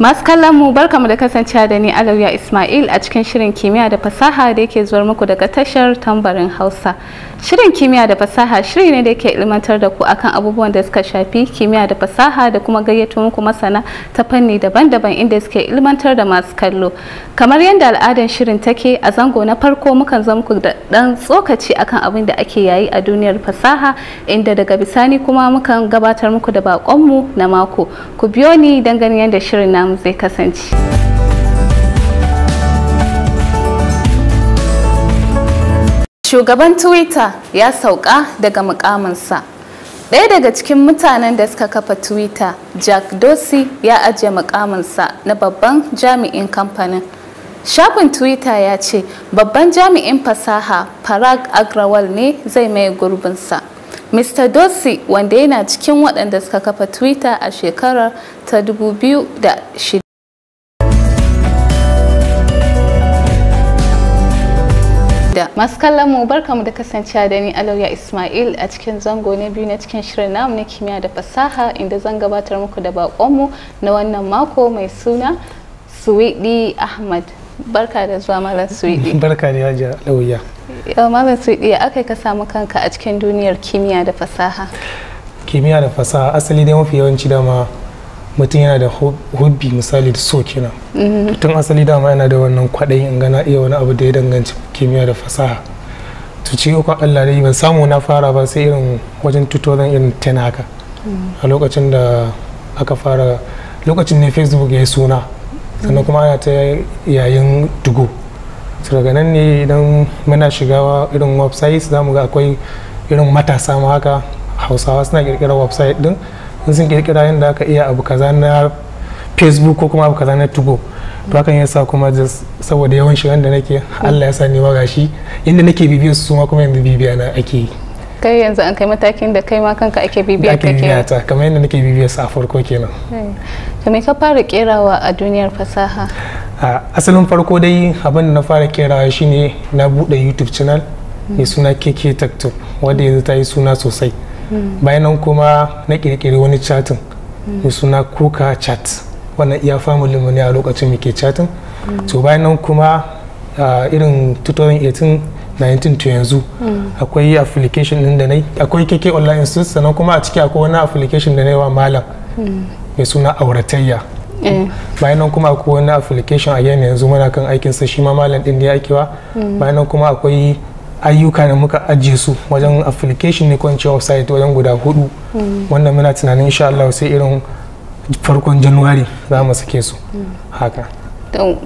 masu kallon mu barkamu da kasancewa da ni alauya ismail a cikin shirin kimiyya da fasaha da yake zuwar muku daga tashar tambarin hausa shirin kimiyya da fasaha shiri ne da yake ilmantar da ku akan abubuwan da suka shafi kimiyya da fasaha da kuma gayyato muku masana ta fanni daban-daban inda suke ilmantar da masu kallo kamar yadda al'adar shirin take a zango na farko mukan zama muku da dan tsokaci akan abin da ake yayi a duniyar fasaha inda daga bisani kuma mukan gabatar muku da bakonmu na mako ku biyo ni don ganin yadda shirin na. zai kasance shugaban twitter ya sauka daga mukaminsa ɗaya daga cikin mutanen da suka kafa twitter jack dorsey ya ajiye mukaminsa na babban jami'in kamfanin shafin twitter ya ce babban jami'in fasaha parag agrawal ne zai mai gurbinsa Mr. Dossi wanda yana cikin waɗanda suka kafa Twitter a shekarar ta 2006. Masu kallon mu kamu da kasancewa da ni Alauya Ismail a cikin zango na biyu na cikin shirin namu na kimiyya da fasaha inda zan gabatar muku da bakonmu na wannan mako mai suna Suwidi Ahmad. barka da zuwa malam suwidi barka da hajiya lauya malam suwidi aka ka samu kanka a cikin duniyar kimiyya da fasaha kimiyya da fasaha asali dai mafi yawanci dama mutum yana da hobby misali da so kina mm-hmm. tun asali dama yana da wannan kwaɗayi in gana iya wani abu da ya danganci kimiyya da fasaha to ci uku Allah dai ban samu na fara ba sai irin wajen 2010 haka mm. a lokacin da aka fara lokacin ne facebook ya yi suna sannan kuma ana ta yayin dugo su daga nan ne idan muna shigawa irin website za mu ga akwai irin matasa ma haka hausawa suna kirkira website din sun kirkira yadda aka iya abu kaza na facebook ko kuma abu kaza na tugo to hakan ya sa kuma saboda yawan shigan da nake allah ya sa ni ma gashi inda nake bibiyar su ma kuma yanzu bibiya na ake yi kai yanzu an kai matakin da kai ma kanka ake bibiya ka ke kamar yadda nake bibiyar sa a farko kenan to me ka fara kerawa a duniyar fasaha a asalin farko dai abin da na fara kerawa shine na bude youtube channel mai hmm. suna keke takto wanda yanzu ta yi suna sosai hmm. bayan nan kuma na kirkiri wani chatin hmm. mai suna kuka chat wanda iya family mu ne a lokacin muke chatin to bayan nan kuma irin 2018 19 to yanzu akwai application din da nai akwai KK online institute sannan kuma a ciki akwai wani application da nai wa malam mai suna auratayya eh. bayan nan kuma akwai wani application a yana yanzu muna kan aikin sa shi ma malam din ne aikewa bayan nan kuma akwai ayyuka da muka ajiye su wajen application ne ko website wajen guda hudu wanda muna tunanin insha Allah sai irin farkon januwari za mu sake su haka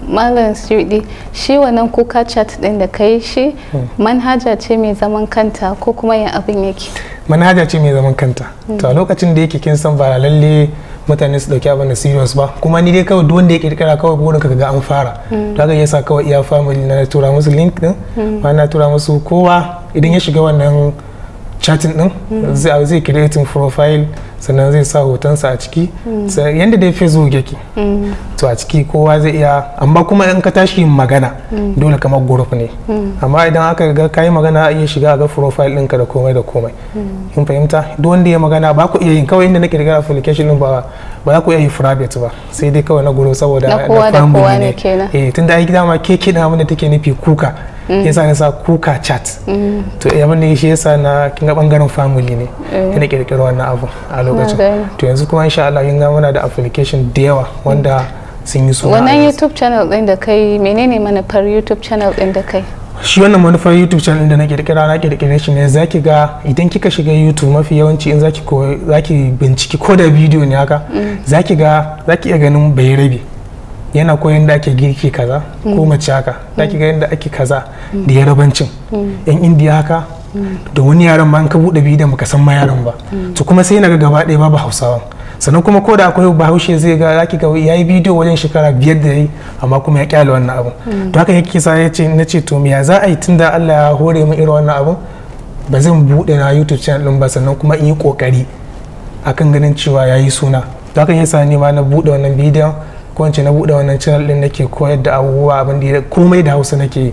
malam shudi shi wannan kuka chat din da kai shi hmm. manhaja ce mai zaman kanta ko kuma ya abin yake manhaja ce mai zaman kanta hmm. to a lokacin da yake kin san ba lalle mutane su dauki abin da serious ba kuma ni dai kawai wanda ya kirkira kawai burin ka ga an fara to hmm. haka yasa kawai iya family na tura musu link din ba na tura musu kowa idan ya shiga wannan chatting din zai creating profile sannan zai sa hotonsa a ciki mm. yadda dai facebook yake mm. to a ciki kowa zai iya amma kuma in ka tashi magana mm. dole kamar group ne amma idan aka ga kayi magana iya shiga ga profile ɗinka da komai da komai in fahimta duk wanda ya magana ba ku iya yin kawai inda nake kirga application din ba ba za ku iya yi private ba sai dai kawai na group saboda na da kowa ne eh tunda ai ma ke kiɗa mun da take nufi kuka yasa na sa kuka chat to ya mun ne shi yasa na kin ga bangaren family ne eh. ina kirkiro wannan abu a lokacin to yanzu kuma insha Allah kin ga muna da application da yawa wanda sun yi suna wannan YouTube channel din da kai menene manufar YouTube channel din da kai shi wannan manufar youtube channel da na kirkira na kirkire shi ne zaki ga idan kika shiga youtube mafi yawanci in zaki binciki ko da bidiyo ne haka mm. zaki ga zaki iya ganin bai rabi yana koyon da ake girki kaza ko mm. mace haka da mm. ga da ake kaza mm. da yarabancin yan indiya haka da wani yaran ma an ka bude bidan baka san ma yaran ba to kuma sai naga gaba ɗaya babu hausawa. sannan kuma ko da akwai bahaushe zai ga zaki ga ya yi bidiyo wajen shekara biyar da yi amma kuma ya kyale wannan abun to haka yake sa ya ce na ce to me za a yi tunda Allah ya hore mu irin wannan abun ba zan buɗe na YouTube channel din ba sannan kuma in yi kokari akan ganin cewa ya yi suna to haka yasa ne ma na buɗe wannan bidiyon ko na buɗe wannan channel din nake koyar da abubuwa abin da komai da hausa nake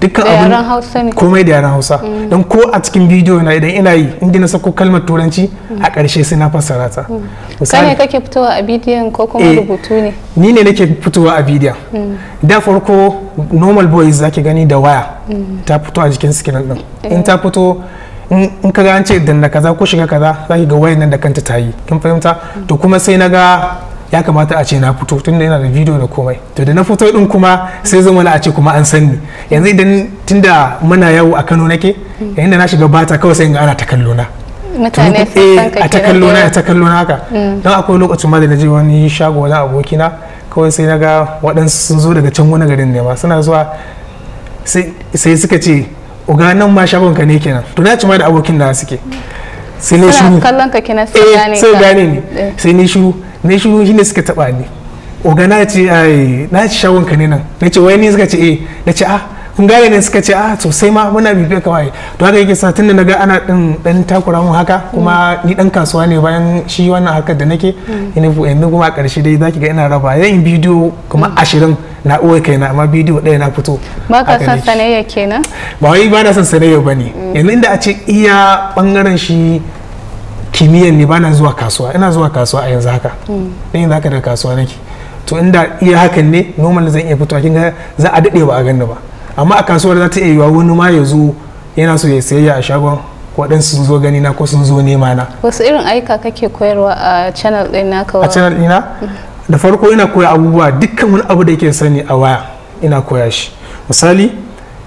dukkan abin komai da yaran hausa mm. don ko a cikin bidiyo na idan ina yi inda na sako kalmar turanci mm. a ƙarshe sai na fassara ta mm. kane kake fitowa a bidiyon ko kuma eh, rubutu ne ni ne nake fitowa a bidiyon da farko normal boys zaki gani da waya ta fito a jikin sikinan din in eh. ta fito in ka ga an ce danna kaza ko shiga kaza zaki ga wayan nan da kanta ta yi kin fahimta to kuma sai na ga ya kamata a ce na fito tunda yana da bidiyo da komai to da na fito din kuma sai zama na a ce kuma an sanni yanzu idan tunda muna yawo a Kano nake yayin da na shiga bata kawai sai in ga ana ta kallo na mutane eh, a ta kallo na ta kallo na haka mm. dan akwai lokacin ma da na je wani shago wani aboki na kawai sai na ga waɗansu sun zo daga can wani garin ne ma suna zuwa sai suka ce uga nan ma shagon ka ne kenan to na ci ma da abokin da suke sai ne shiru kallon ka kenan sai eh, gane ni eh. sai ne shiru ne shi ne suka taba ni oga na ce ai na ci shawon ka ne nan na ce wai ne suka ce eh na ce ah kun gane ne suka ce ah sosai ma muna bibiyar ka waye to haka yake satin da na ga ana din dan takura mu haka kuma ni dan kasuwa ne bayan shi wannan harkar da nake mm. ina yanzu kuma a karshe dai zaki ga ina raba zan yi bidiyo kuma mm. ashirin na uwa kaina amma bidiyo ɗaya na fito ba ka san sanayya kenan ba wai ba na san sanayya bane mm. yanzu inda a ce iya bangaren shi kimiyyar ne bana zuwa kasuwa ina zuwa kasuwa a yanzu haka mm. ne yanzu haka daga kasuwa nake to inda iya hakan ne normal zan iya fitowa kinga za a dade ba a ganni ba amma a kasuwar za ta iya yiwa wani ma ya zo yana so ya sayayya a shagon waɗansu sun zo gani na ko sun zo nema na wasu irin aika kake koyarwa a channel ɗin naka a channel ɗina mm. da farko ina koya abubuwa dukkan wani abu da yake sani a waya ina koya shi misali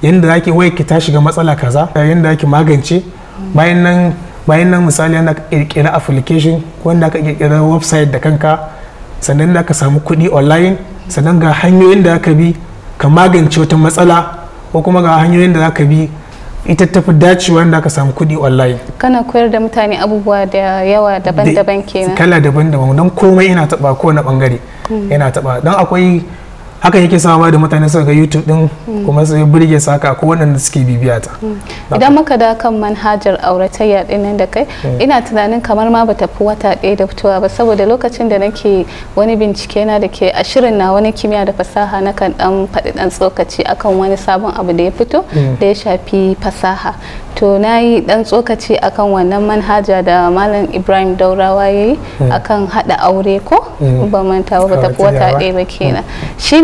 yadda zaki waya ki tashi ga matsala kaza yadda zaki magance mm. bayan nan bayan nan misali ana kirkira application wanda aka kirkira website da kanka sannan da ka samu kuɗi online sannan ga hanyoyin da ka bi ka magance wata matsala ko kuma ga hanyoyin da ka bi ita tafi dacewa da ka samu kuɗi online kana koyar da mutane abubuwa da yawa daban-daban kenan kala daban-daban don komai yana taba na bangare yana hmm. taba don akwai haka yake sama da mutane suka ga youtube din mm. kuma sai burge saka ko waɗanda suke bibiya ta mm. idan muka da kan manhajar auratayya nan da kai mm. ina tunanin kamar ma bata fi wata ɗaya da fitowa ba saboda lokacin da nake wani bincike na da ke a shirin na wani kimiyya da fasaha na kan dan faɗi dan tsokaci akan wani sabon abu da ya fito da ya shafi fasaha to na yi dan tsokaci akan wannan manhaja da malam ibrahim daurawa ya yi akan haɗa aure ko ba manta ba ta fi wata ɗaya ba kenan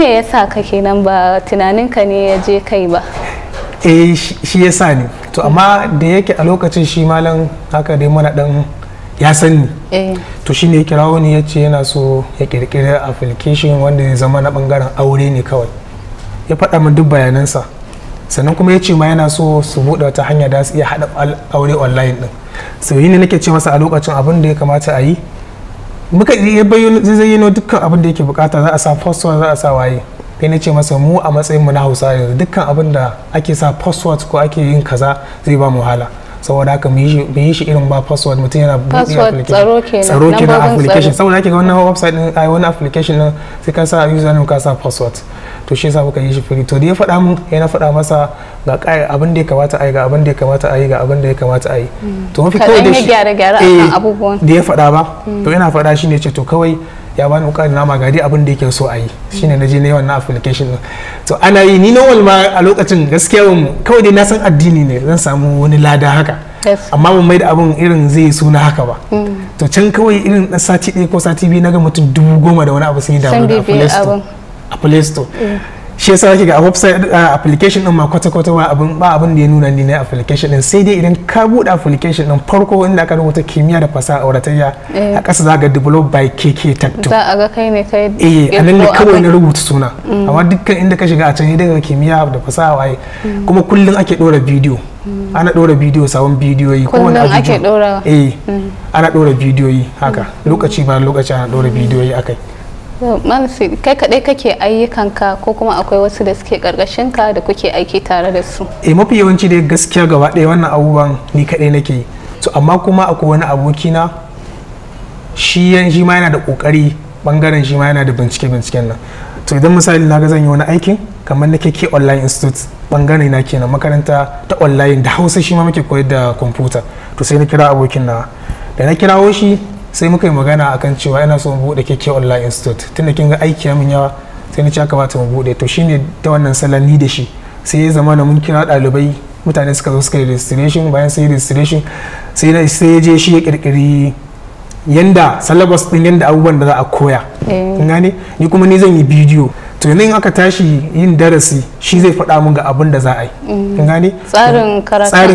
me sa ka kenan ba tunaninka ne ya je kai ba eh shi yasa ni to amma da yake a lokacin shi malam haka dai mana dan ya san ni eh. to shine ya kirawo ni yace yana so ya kirkiri application wanda ya zama na bangaren aure ne kawai ya faɗa min duk bayanansa sannan kuma ya ce ma yana so su buɗe wata hanya da su iya haɗa aure online din so yi ne nake ce masa a lokacin abin da ya kamata a yi muka ya zayyano dukkan abin da yake bukata za a sa password za a sa waye kai na ce masa mu a matsayin mu na hausa yanzu dukkan abin da ake sa password ko ake yin kaza zai ba mu wahala saboda haka mu yi shi irin ba password mutum yana buɗe application tsaro na application saboda haka wannan website din ai wani application din sai ka sa username ka sa password to shi yasa muka yi shi fili to da ya faɗa mun yana faɗa masa ga kai abin da ya kamata a yi ga abin da ya kamata a yi ga abin da ya kamata a yi mm. to mafi kawai da shi eh, da ya faɗa ba to mm. yana faɗa shi ne ce to kawai ya bani wuka da nama gadi abin da yake so a yi mm. shine na je na wannan application din to ana yi ni normal ma a lokacin gaskiya kawai dai na san addini ne zan samu wani lada haka amma mun mai da abin irin zai suna haka ba to can kawai irin sati ɗaya ko sati biyu na ga mutum dubu goma da wani abu sun yi da abin play store shi yasa zaki ga a website application din ma kwata kwata ba abin ba abin da ya nuna ni na application din sai dai idan ka bude application din farko inda aka rubuta kimiyya da fasaha auratayya eh. a ƙasa za ga develop by KK Tacto za a ga kai ne kai eh anan ne kawai na rubuta suna mm. amma dukkan inda ka shiga a can daga kimiyya da fasaha waye mm. kuma kullun ake dora bidiyo mm. ana ɗora bidiyo sabon bidiyoyi ko wani ake dora eh ana ɗora bidiyoyi haka lokaci ba lokaci ana ɗora bidiyoyi akai malasi kai kadai kake ayyukanka ko kuma akwai wasu da suke karkashin ka da kuke aiki tare da su eh mafi yawanci dai gaskiya gaba ɗaya wannan abubuwan ni kadai nake yi to amma kuma akwai wani abokina shi shi ma yana da kokari bangaren shi ma yana da bincike binciken nan to idan misali na ga zan yi wani aikin kamar na keke online institute bangaren na kenan makaranta ta online da hausa shi ma muke koyar da kwamfuta to sai na kira abokin na da na kirawo shi sai muka yi magana akan cewa ina son bude keke online institute tunda kin ga aiki mun yawa sai na ci aka bata mu bude to shine ta wannan salon ni da shi sai ya zama na mun kira dalibai mutane suka zo suka yi registration bayan sai registration sai na sai ya je shi ya kirkiri yanda syllabus din yanda abubuwan da za a koya eh. gane ni kuma ni zan yi bidiyo to yanzu aka tashi yin darasi shi zai faɗa mun ga abin da za a yi mm. gane tsarin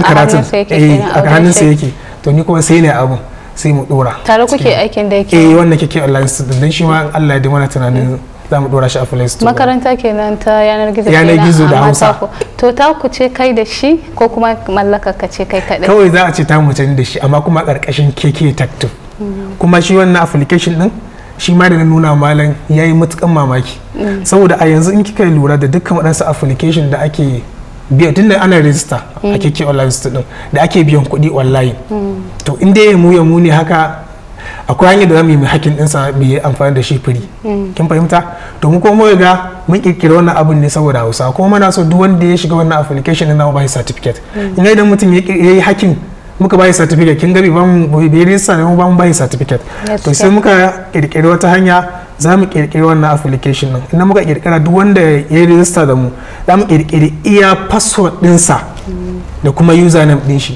karatun a hannunsa eh, yake to ni kuma sai ne abun sai mu dora tare kuke aikin da yake eh wannan kike online student dan shi ma Allah ya na tunanin za mu dora shi a play store makaranta kenan ta yanar gizo yanar gizo da hausa to ta ku ce kai da shi ko kuma mallaka ka ce kai kadai kawai za a ce ta mu da shi amma kuma karkashin keke tactile kuma shi wannan application din shi ma da na nuna malam yayi matukan mamaki mm. saboda a yanzu in kika lura da dukkan waɗansu application da ake biyan tunda ana register a mm. keke online store din da ake biyan kuɗi online mm. to in dai mu ya mu ne haka akwai hanyar da zamu yi yi hakkin ɗinsa mu yi amfani da shi firi mm. kin fahimta to mu kuma ga mun kirkira wannan abin ne saboda hausa kuma muna so duk wanda ya shiga wannan application na bai certificate ina idan mutum ya yi hakkin muka bayi certificate kin gari ban bai rinsa ne ba mu bayi certificate to sai muka kirkiri wata hanya za mu kirkiri wannan application din idan muka kirkira duk wanda ya rijista da mu za mu kirkiri iya password dinsa da kuma username din shi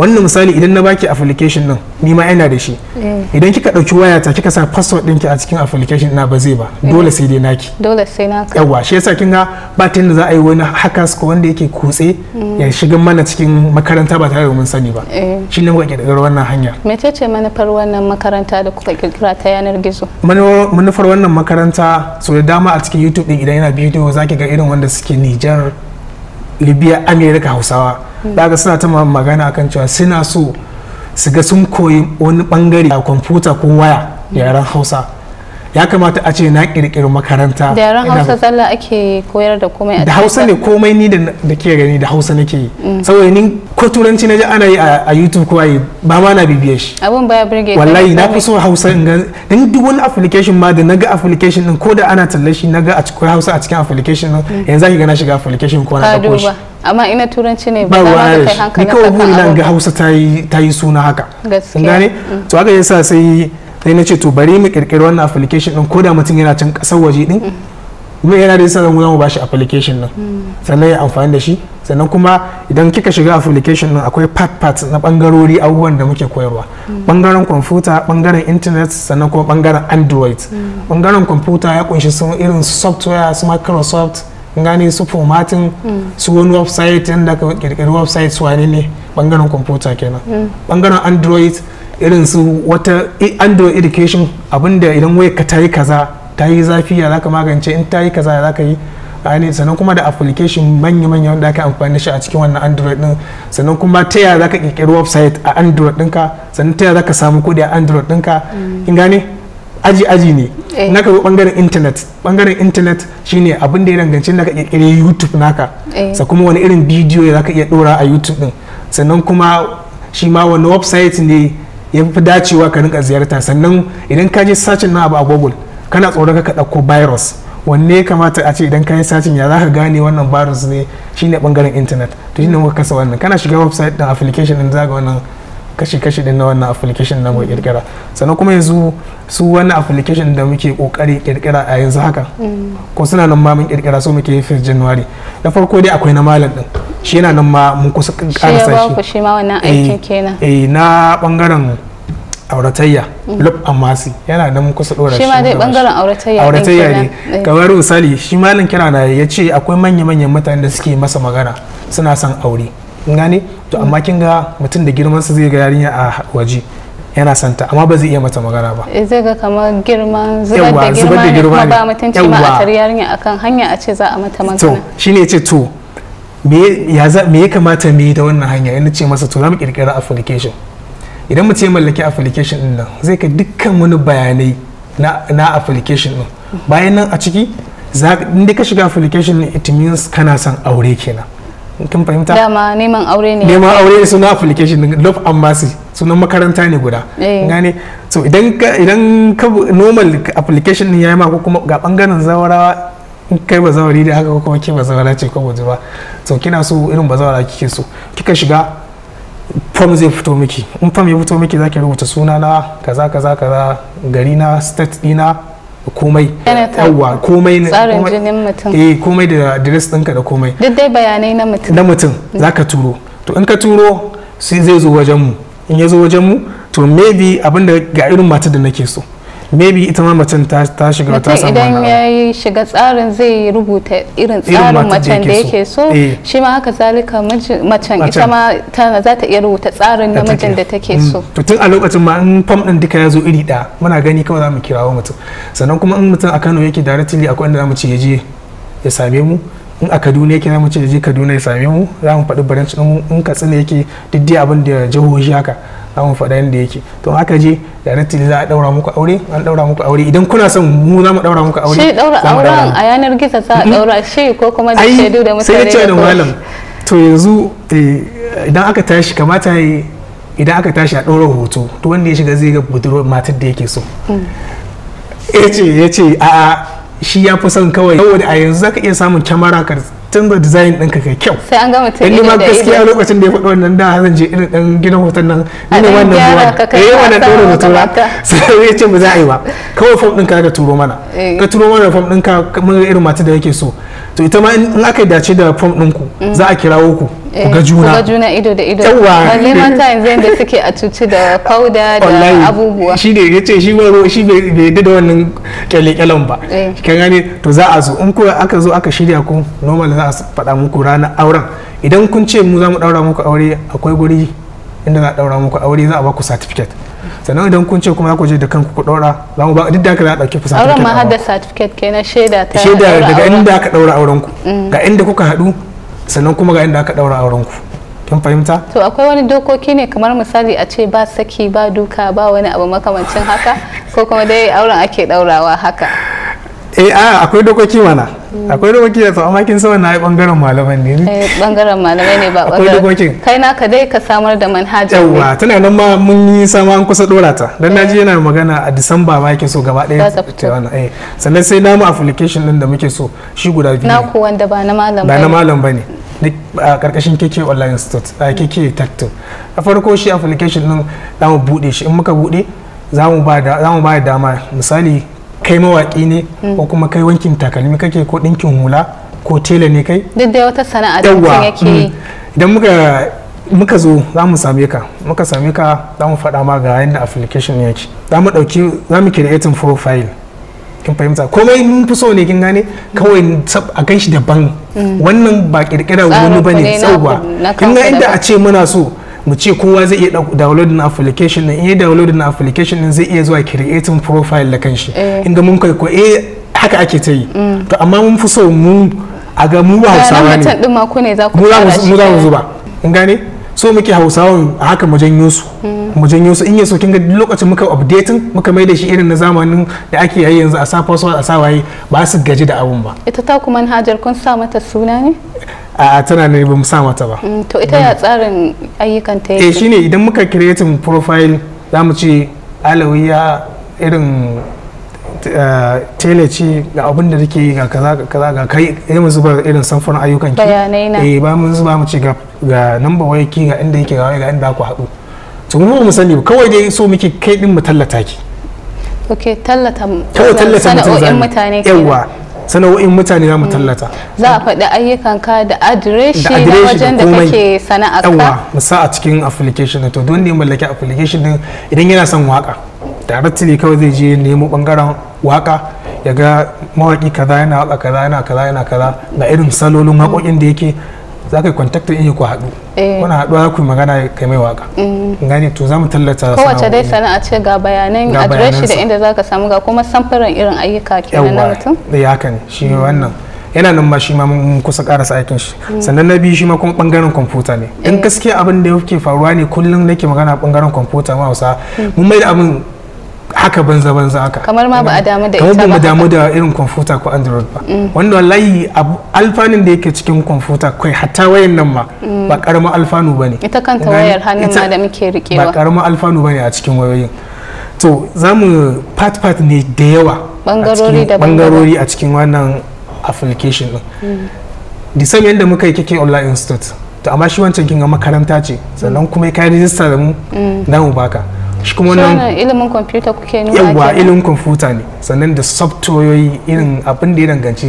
wannan misali idan na baki application nan ni ma yana da shi eh. idan kika dauki ta kika sa password ɗinki a cikin application na ba zai ba eh. dole sai dai naki dole sai naka yawa shi yasa kin ga ba ta za a yi wani hackers ko wanda yake kutse hmm. ya shiga mana cikin makaranta ba tare da mun sani ba eh. shi ne muka kirkirar wannan hanya mecece manufar wannan makaranta da kuka kirkira ta yanar gizo manufar wannan makaranta so da dama a cikin YouTube din idan yana bidiyo zaki ga irin wanda suke Nijar libya amerika hausawa daga suna ta magana akan cewa suna so su ga sun koyi wani bangare a kwamfuta ko waya yaren hausa ya kamata a ce na kirkiri makaranta da yaran hausa tsalla ake koyar da komai a da hausa ne komai ni da ke gani da hausa nake yi mm. saboda ni ko turanci na ji ana yi a youtube ko yi ba ma na bibiyar shi abun baya birge wallahi na fi so hausa in ga dan duk wani application ma da naga application din ko da ana tallar shi naga a cikin hausa a cikin application din mm. yanzu zaki gana na shiga application ko na dauko shi amma ina turanci ne ba wa kai hankali ni kawai buri ga hausa ta yi suna haka gaskiya mm. to haka yasa sai sai na ce to bari mu kirkiri wannan application din koda mutum yana can kasar waje din kuma yana da yasa zamu bashi application din sannan ya amfani da shi sannan kuma idan kika shiga application din akwai part part na bangarori abubuwan da muke koyarwa bangaren kwamfuta bangaren internet sannan kuma bangaren android bangaren kwamfuta ya kunshi sun irin software su microsoft gane su formatting su wani website yadda ka kirkiri website su wane ne bangaren kwamfuta kenan bangaren android irin su wata under education abinda idan wai ka tayi kaza ta yi zafi ya zaka magance in ta yi kaza ya zaka yi sannan kuma da application manya-manya wanda aka amfani da shi a cikin wannan android din sannan kuma ta yaya zaka kirkiri website a android dinka sannan ta yaya zaka samu kuɗi a android dinka mm. in gane aji aji ne eh. naka zo bangaren internet bangaren internet shine abin da ya danganci naka kirkiri youtube naka eh. sa kuma wani irin bidiyo ya zaka iya dora a youtube din sannan kuma shi ma wani website ne ya fi dacewa ka rinka ziyarta sannan idan ka je sacin na abu a google kana tsoron ka ɗauko virus wanne ya kamata a ce idan ka yi sacin ya za ka gane wannan virus ne shine bangaren internet to shine muka kasa wannan kana shiga website ɗin application za zaga wannan kashi-kashi din na wannan application na mu kirkira sannan kuma yanzu su wannan application da muke kokari kirkira a yanzu haka mm. ko suna nan ma mun kirkira so muke yi fir january na farko dai akwai na malam din shi yana nan ma mun kusa karasa shi shi ma wannan eh, aikin kenan eh na bangaren auratayya mm. lub amasi yana nan mun kusa dora shi ma dai bangaren auratayya auratayya ne eh. kamar misali shi malam kira na ya ce akwai manya-manyan mutanen da suke masa magana suna son aure gane to amma kin ga mutum da girman sa zai ga yarinya a waje yana santa amma ba zai iya mata magana ba e zai ga kamar girman zubar da girma ne kuma ba mutunci ma a tar yarinya akan hanya a ce za a mata magana to shine yace to me ya me ya kamata me da wannan hanya yana ce masa to za mu kirkira application idan mu ce mallaki application din nan zai ka dukkan wani bayanai na na application din bayan nan a ciki inda ka shiga application it means kana son aure kenan kin fahimta dama neman aure ne neman aure ne suna application love embassy sunan makaranta ne guda eh. gane so idan idan ka normal application ne yayi ma ko kuma ga bangaren zawarawa in kai bazawari da haka ko kuma ke ba zawara ce ko budurwa so kina so irin ba kike so kika shiga form zai fito miki in form ya fito miki zaki rubuta suna na kaza kaza kaza gari na state dina komai yawa komai tsarin eh komai da address ɗinka da komai duk dai bayanai na mutum na mutum zaka turo to in ka turo sai zai zo wajen mu in ya zo wajen mu to maybe abinda ga irin matar da nake so maybe ita ma macen ta shiga ta samu idan ya shiga tsarin zai rubuta irin tsarin macen da yake so eh. shi ma haka zalika macen ita ma za ta iya rubuta tsarin namijin da take mm. so to tun a lokacin ma in fam din duka ya zo iri ɗaya muna gani kawai za mu kirawo mutum sannan kuma in mutum a Kano yake directly akwai inda za mu ce ya je ya same mu in a kaduna yake mu ce je kaduna ya same mu za mu faɗi branch mu in katsina yake duk dai abin da jihohi haka an faɗa yadda yake to aka je da directly za a ɗaura muku aure an ɗaura muku aure idan kuna son mu za mu ɗaura muku aure shi ɗaura auren a yanar gizo za a mm-hmm. ɗaura shi ko kuma da shaidu da mutane sai ya ce da malam to yanzu eh, idan aka tashi kamata ya idan aka tashi a ɗaura hoto to wanda ya shiga zai ga budurwar matar da yake so mm. ya ce ya ce a shi ya fi son kawai saboda a yanzu ka iya samun kyamara ka canza design ɗinka kai kyau sai an gama ta ido da gaskiya lokacin da ya faɗi wannan da zan je irin ɗan gidan hoton nan ni ne wannan ruwan eh wannan ɗora da tura sai ya ce ba za a yi ba kawai fom ɗinka eh. ka turo mana ka turo mana fom ɗinka mun irin mata da yake so to ita ma in aka dace da fom ɗinku mm. za a kirawo ku Eh, ga juna ido da ido yawa man ta yanzu da suke a cuci da fauda da abubuwa shi ne yace shi ba shi bai yadda da wannan kyale ba eh. kan gane to za a zo in ko aka zo aka shirya ku normal za a faɗa muku ranar auren idan kun ce mu za mu daura muku aure akwai guri inda za a daura muku aure za a ba ku certificate sannan idan kun ce kuma ku je da kanku ku daura za mu ba duk da za a dauke fusata auren ma har da certificate kenan shaida ta shaida daga inda aka daura auren ku mm. ga inda kuka haɗu sannan kuma ga inda aka daura auren ku kin fahimta to akwai wani dokoki ne kamar misali a ce ba saki ba duka ba wani abu makamancin haka ko kuma dai auren ake daurawa haka eh a akwai dokoki mana hmm. akwai dokoki da amma kin san na bangaren malamai ne eh bangaren malamai ne ba akwai dokokin kai naka dai ka samar da manhaja yawa tana nan ma mun yi sama an kusa dora ta dan naji eh. yana magana a Disamba ma yake so gaba daya ta wannan eh sannan sai namu application din da muke so shi guda biyu na ku wanda ba na malam ba na malam bane a karkashin KK online store a KK tactile a farko shi application din za mu bude shi in muka bude za mu ba da dama misali kai mawaki ne mm. ko kuma kai wankin takalmi kake ko ɗinkin hula ko tela ne kai duk da wata sana'a da mutum yake mm. idan muka muka zo za mu same ka muka same ka za mu faɗa ma ga yadda application yake za mu ɗauki za mu create profile kin fahimta komai mun fi so ne kin gane kawai a gan shi daban wannan ba kirkira wani bane tsauwa kin ga inda a ce muna so mu ce kowa zai iya download na application din iya download na application din zai iya zuwa creating profile da kanshi eh. inda mun kai ko eh haka ake ta yi mm. to amma mun fi so mu a ga mu ba hausawa ne mu za mu zuba kin gane so muke hausawa haka mu janyo su mm. mu janyo su in yaso kin ga lokacin muka updating muka mai da shi irin na zamanin da ake yi yanzu a safa su a sawaye ba su gaji da abun ba ita ta kuma hajar kun sa mata suna ne a tana ne ba mu sa mata ba mm, to ita ya tsarin ayyukan ta yake eh shine idan muka creating profile zamu ce alawiya irin eh, tele ce ga abin da take yi ga kaza ga kaza ga kai ya mu zuba irin samfuran ayyukan ki bayanai na eh ba mu zuba mu ce ga number waya ki ga inda yake ga ga inda ku haɗu to mu mu sani kawai dai so muke kai din mu tallata ki ok tallata kawai tallata sana'o'in mutane yawa sana'o'in mutane za mu tallata za a faɗi ayyukan ka da adireshi na wajen da kake sana'a yawa mu sa a cikin application to don ne mallaki application din idan yana son waka directly kawai zai je nemo bangaren waka ya ga mawaki kaza yana waka kaza yana kaza yana kaza ga irin salolin waƙoƙin da yake za ka yi contactin in ku haɗu wani eh. haɗuwa ku magana kai mai waka mm. gani to za mu tallata kowace dai sana'a ce ga bayanan adireshi da inda za ka samu ga kuma samfuran irin ayyuka kenan na mutum ya eh, haka ne shi wannan yana nan ma shi ma mun kusa karasa aikin shi mm. sannan na biyu shi ma kuma bangaren kwamfuta ne in eh. gaskiya abin da yake faruwa ne kullum nake magana bangaren kwamfuta ma hausa mm. mun mai da abin haka banza banza haka kamar ma ba a damu da ita ba kamar ba damu da irin kwamfuta ko android ba mm. wanda wallahi alfanun da yake cikin kwamfuta kai hatta wayan nan ma mm. ba karama alfanu bane ita kanta wayar hannun ma da muke rike ba karama alfanu bane a cikin wayoyin to zamu part part ne da yawa bangarori da bangarori a cikin wannan application din mm. the same yanda muka yi kike online institute to amma shi wancan kin ga makaranta ce sannan kuma kai register da mu na ubaka baka shi kuma wannan ilimin kwamfuta kuke nuna yawwa ilimin kwamfuta ne sannan da softwayoyi irin abin da ya danganci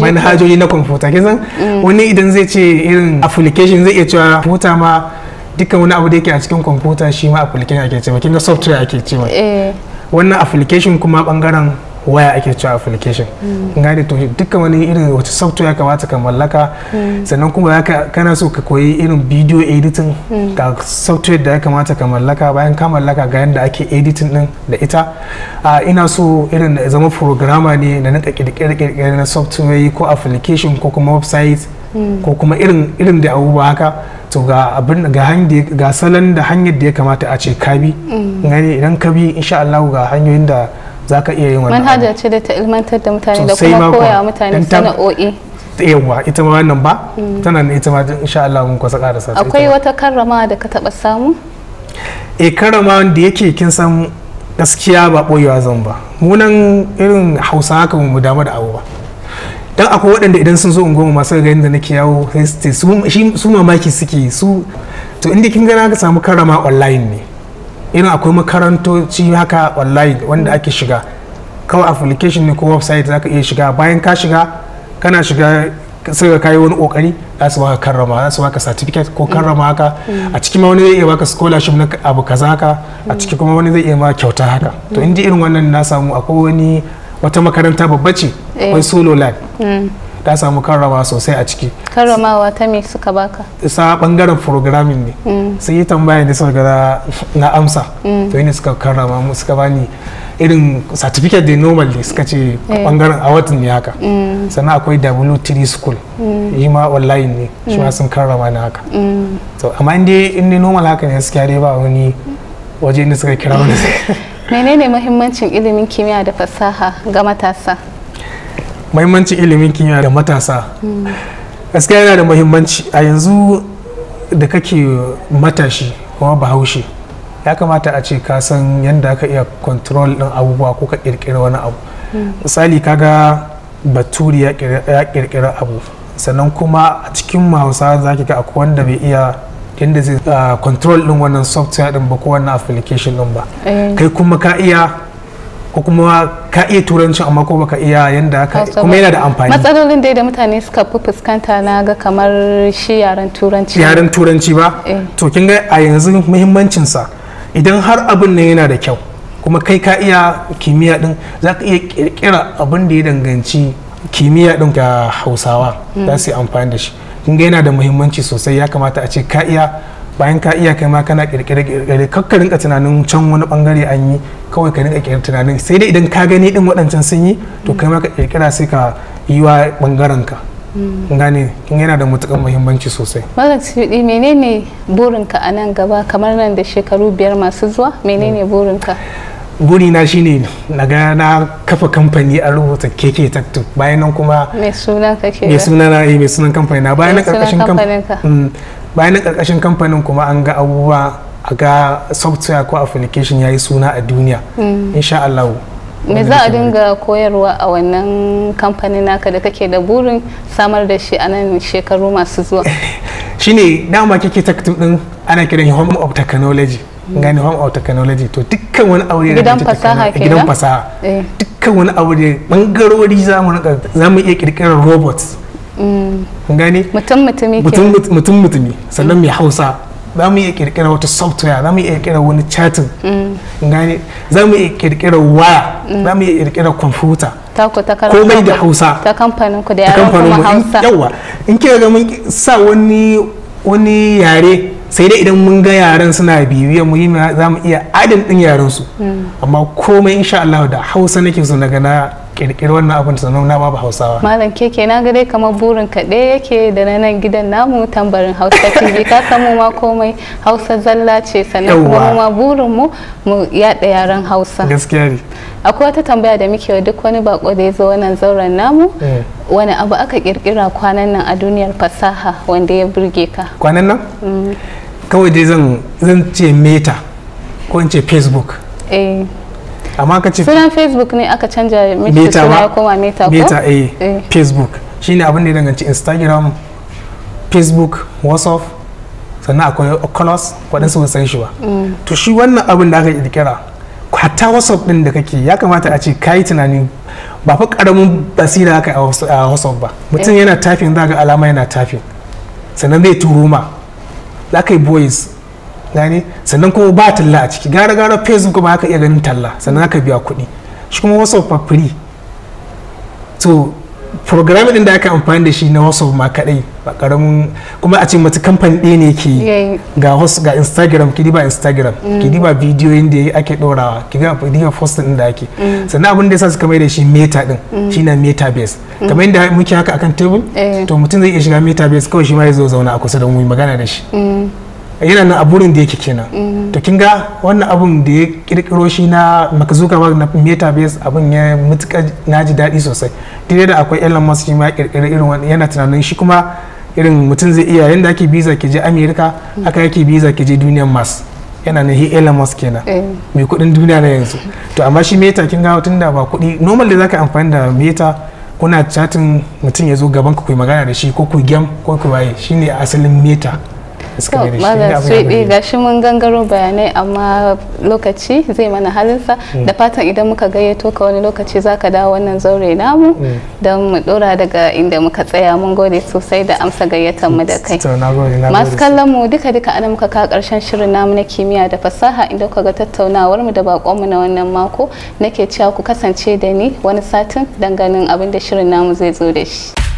manhajoji na kwamfuta ke san mm. wani idan zai ce irin application zai iya cewa kwamfuta ma dukkan wani abu da yake a cikin kwamfuta shi ma application ake cewa kinga software ake cewa eh. wannan application kuma bangaren waya ake cewa application mm. gane to dukkan wani irin wacce software ya kamata ka mallaka mm. sannan kuma kana so ka koyi irin video editing mm. ga software da ya kamata ka mallaka bayan ka mallaka ga yadda ake editing din da ita a ina so irin da zama programmer ne na nika kirkire na software ko application ko kuma website ko kuma irin irin da abubuwa haka to ga abin ga ga salon da hanyar da ya kamata a ce ka bi gani idan ka bi insha Allah ga hanyoyin da za ka iya yin wannan manhaja ce da ta ilmantar da mutane da kuma koya mutane sana'o'i yawa ita ma wannan ba mm. tana ne ita ma insha Allah mun kwasa sa akwai wata karrama da ka taba samu e karrama da yake kin san gaskiya ba boyewa zan ba mu nan irin hausa haka mu damu da abu ba dan akwai waɗanda idan sun zo unguwa masu ga yadda nake yawo sai su mamaki suke su to inda kin ga na samu karrama online ne irin akwai makarantoci haka online wanda ake shiga kawai application ne ko website zaka iya shiga bayan ka shiga kana shiga sai ka kayi wani kokari za su baka karrama za su baka certificate ko karrama haka mm. a ciki ma wani zai iya baka scholarship na abu kaza haka a ciki kuma wani zai iya ma kyauta haka to mm. indi irin wannan na samu akwai wani wata makaranta babba ce eh. wai solo lab mm. ta samu karrama sosai a ciki karramawa ta me suka baka sa bangaren programming ne mm. sai yi tambaya ne suka gara na amsa mm. to ne suka karrama mu suka bani irin certificate da normally suka ce bangaren eh. a watan ne haka mm. sannan akwai w3 school yi ma online ne shi ma sun karrama na haka to amma inda inda normal haka ne suka yare ba wani waje inda suka kira wani menene muhimmancin ilimin kimiyya da fasaha ga matasa mahimmancin ilimin kimiyya da matasa gaske yana da mahimmanci a yanzu da kake matashi kuma bahaushe ya kamata a ce ka san yadda aka iya control din abubuwa ko ka kirkira wani abu misali kaga baturi ya kirkira abu sannan kuma a cikin hausa za ki ga akwai wanda bai iya yadda zai ah, control din wannan software din ba ko wannan application din ba eh. kai kuma ka iya ko kuma ka iya turanci amma ko baka iya yanda ka kuma yana da amfani matsalolin dai da mutane suka fi fuskanta na ga kamar shi yaren turanci yaren turanci ba eh. to kin ga a yanzu muhimmancin sa idan har abin nan yana da kyau kuma kai ka iya kimiyya din za ka iya kirkira abin da ya danganci kimiyya din ga hausawa za su yi amfani da shi kin ga yana da muhimmanci sosai ya kamata a ce ka iya bayan ka iya kai ma kana kirkire kirkire kakka rinka tunanin can wani bangare an yi kawai ka rinka kirkire tunanin sai dai idan ka gani din waɗancan sun yi to kai ma ka kirkira sai ka yi wa bangaren ka gane kin yana da matukar muhimmanci sosai malam sudi menene burinka a nan gaba kamar nan da shekaru biyar masu zuwa menene burinka na shine na ga na kafa kamfani a rubuta keke tattoo bayan nan kuma mai sunan ka ke mai suna na eh, mai sunan kamfani na bayan na karkashin kamfanin mm. bayan na karkashin kamfanin kuma an ga abubuwa a ga software ko application ya yi suna a duniya mm. insha Allah me za a dinga koyarwa a wannan kamfanin naka da kake da burin samar da shi a nan shekaru masu zuwa shine dama kike taktum din ana kiran home of technology mm. gani home of technology to dukkan wani aure da gidan fasaha gidan fasaha eh. dukkan wani aure bangarori zamu iya kirkirar robots kun gane mutum mutumi mutum mutumi sannan mai hausa za mu iya kirkira wata software za mu iya kirkira wani chatin gane za mu iya kirkira waya mm. za mu iya kirkira kwamfuta komai da hausa ta kamfanin ku da yaran kuma hausa yawa in kira ga mun sa wani wani yare sai dai idan mun ga yaren suna bibiya mu za mu iya adin din yaren su mm. amma komai insha Allah da hausa nake so na ga na kirkiri wannan abin sanon na babu hausawa malam keke na ga dai kamar burin kaɗe yake da na nan gidan namu tambarin hausa tv ka samu ma komai hausa zalla ce sannan kuma ma burin mu mu yaɗa yaren hausa gaskiya ne akwai wata tambaya da muke wa duk wani bako da ya zo wannan zauren namu eh. wani abu aka kirkira kwanan nan a duniyar fasaha wanda ya burge ka kwanan nan mm. kawai dai zan ce meta ko in ce facebook eh. amma ka ce sunan facebook ne aka canja meta ba koma meta ko meta eh, eh facebook shine abin da ya danganci instagram facebook whatsapp sannan akwai oculus waɗansu ba san shi ba mm. to shi wannan abin da aka kirkira hatta whatsapp din da kake ya kamata a ce kayi tunani ba fa karamin basira aka a whatsapp ba mutum eh. yana tafin za ga alama yana tafin sannan zai turo ma za ka yi voice gane sannan kuma ba talla a ciki gara gara facebook ba haka iya ganin talla sannan aka biya kuɗi shi kuma wasu for free to programming din da aka amfani da shi na wasu ma kadai ba karamin kuma a ce mata kamfani ɗaya ne ke ga ga instagram ki ba instagram mm. ki ba bidiyoyin da ake ɗorawa ki ga diba posting din da ake mm. sannan abin da yasa suka mai da shi meta din mm. shi na meta base kamar yadda muke haka akan table eh. to mutum zai iya shiga meta base kawai shi ma ya zo zauna a kusa da mu magana da shi yana nan a burin da yake kenan mm-hmm. to kin ga wannan abun da ya kirkiro shi na ba na metabase abun ya mutuka naji daɗi sosai dire da akwai Elon Musk shi ma ya kirkiri irin wani yana tunanin shi kuma irin mutum zai iya yanda ake visa ke je America mm-hmm. haka yake visa ke je duniyar Mars yana na Elon Musk kenan eh. mai kuɗin duniya na yanzu to amma shi meta kin ga tunda ba kuɗi normal da zaka amfani da meta kuna chatting mutum ya zo gaban ku magana da shi ko ku gem ko ku waye shine asalin meta suka mai ga shi mun gangaro bayanai amma lokaci zai mana halinsa mm. da fatan idan muka gayyato ka wani lokaci zaka dawo wannan zaure namu mm. don mu dora daga inda muka tsaya mun gode sosai da amsa gayyatar mu da kai masu kallon mu duka duka ana muka kawo karshen shirin namu na kimiyya da fasaha inda kuka ga tattaunawar mu da bakon mu na wannan mako nake cewa ku kasance da ni wani satin danganin abin da shirin namu zai zo da shi